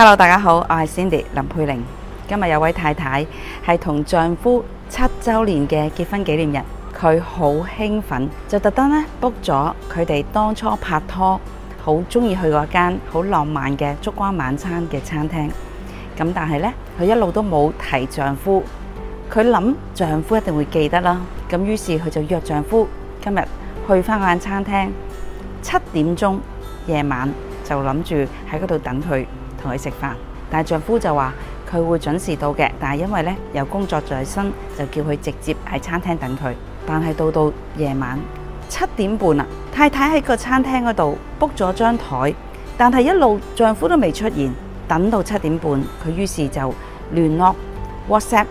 Hello，大家好，我係 Cindy 林佩玲。今日有位太太係同丈夫七周年嘅結婚紀念日，佢好興奮，就特登呢 book 咗佢哋當初拍拖好中意去嗰間好浪漫嘅燭光晚餐嘅餐廳。咁但係呢，佢一路都冇提丈夫，佢諗丈夫一定會記得啦。咁於是佢就約丈夫今日去翻嗰間餐廳，七點鐘夜晚就諗住喺嗰度等佢。同佢食飯，但係丈夫就話佢會準時到嘅，但係因為咧有工作在身，就叫佢直接喺餐廳等佢。但係到到夜晚七點半啦，太太喺個餐廳嗰度 book 咗張枱，但係一路丈夫都未出現，等到七點半，佢於是就聯絡 WhatsApp，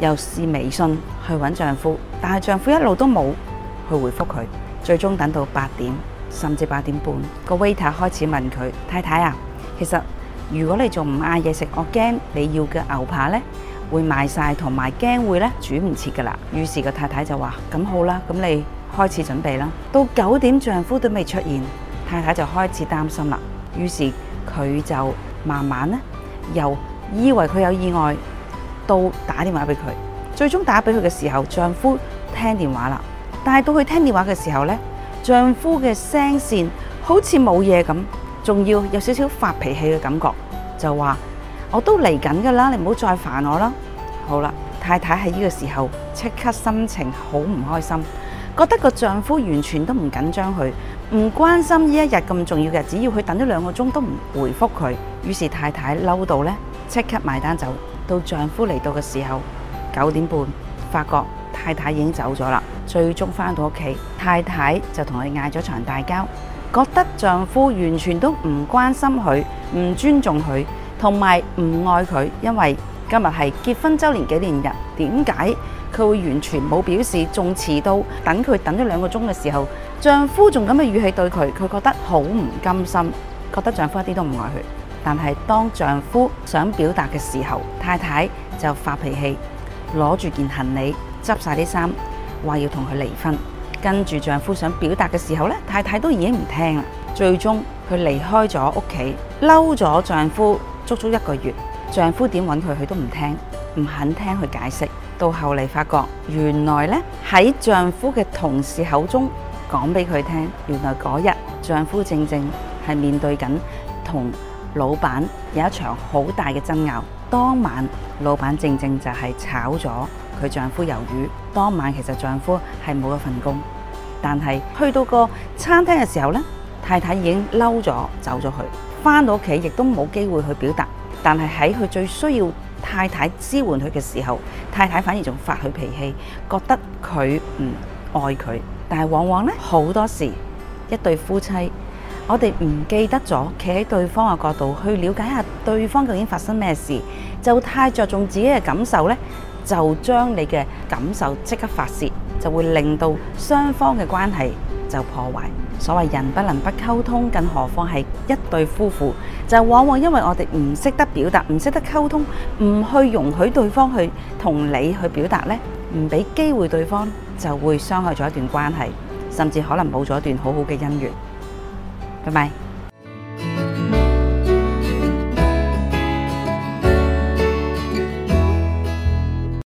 又試微信去揾丈夫，但係丈夫一路都冇去回覆佢。最終等到八點甚至八點半，個 waiter 開始問佢，太太啊，其實。如果你仲唔嗌嘢食，我驚你要嘅牛扒呢會賣晒，同埋驚會呢煮唔切噶啦。於是個太太就話：咁好啦，咁你開始準備啦。到九點，丈夫都未出現，太太就開始擔心啦。於是佢就慢慢呢，由以為佢有意外，到打電話俾佢。最終打俾佢嘅時候，丈夫聽電話啦。但係到佢聽電話嘅時候呢，丈夫嘅聲線好似冇嘢咁。仲要有少少發脾氣嘅感覺，就話，我都嚟緊㗎啦，你唔好再煩我啦。好啦，太太喺呢個時候即刻心情好唔開心，覺得個丈夫完全都唔緊張佢，唔關心呢一日咁重要嘅，只要佢等咗兩個鐘都唔回覆佢。於是太太嬲到呢，即刻埋單走。到丈夫嚟到嘅時候九點半，發覺太太已經走咗啦。最終返到屋企，太太就同佢嗌咗場大交。覺得丈夫完全都唔關心佢，唔尊重佢，同埋唔愛佢，因為今日係結婚周年紀念日，點解佢會完全冇表示？仲遲到，等佢等咗兩個鐘嘅時候，丈夫仲咁嘅語氣對佢，佢覺得好唔甘心，覺得丈夫一啲都唔愛佢。但係當丈夫想表達嘅時候，太太就發脾氣，攞住件行李，執晒啲衫，話要同佢離婚。跟住丈夫想表達嘅時候咧，太太都已經唔聽啦。最終佢離開咗屋企，嬲咗丈夫足足一個月。丈夫點揾佢，佢都唔聽，唔肯聽佢解釋。到後嚟發覺，原來咧，喺丈夫嘅同事口中講俾佢聽，原來嗰日丈夫正正係面對緊同。老闆有一場好大嘅爭拗，當晚老闆正正就係炒咗佢丈夫魷魚。當晚其實丈夫係冇一份工，但係去到個餐廳嘅時候呢，太太已經嬲咗走咗去，翻到屋企亦都冇機會去表達。但係喺佢最需要太太支援佢嘅時候，太太反而仲發佢脾氣，覺得佢唔愛佢。但係往往呢，好多時，一對夫妻。我哋唔記得咗，企喺對方嘅角度去了解下對方究竟發生咩事，就太着重自己嘅感受呢，就將你嘅感受即刻發洩，就會令到雙方嘅關係就破壞。所謂人不能不溝通，更何況係一對夫婦，就往往因為我哋唔識得表達，唔識得溝通，唔去容許對方去同你去表達呢，唔俾機會對方，就會傷害咗一段關係，甚至可能冇咗一段好好嘅姻緣。拜拜。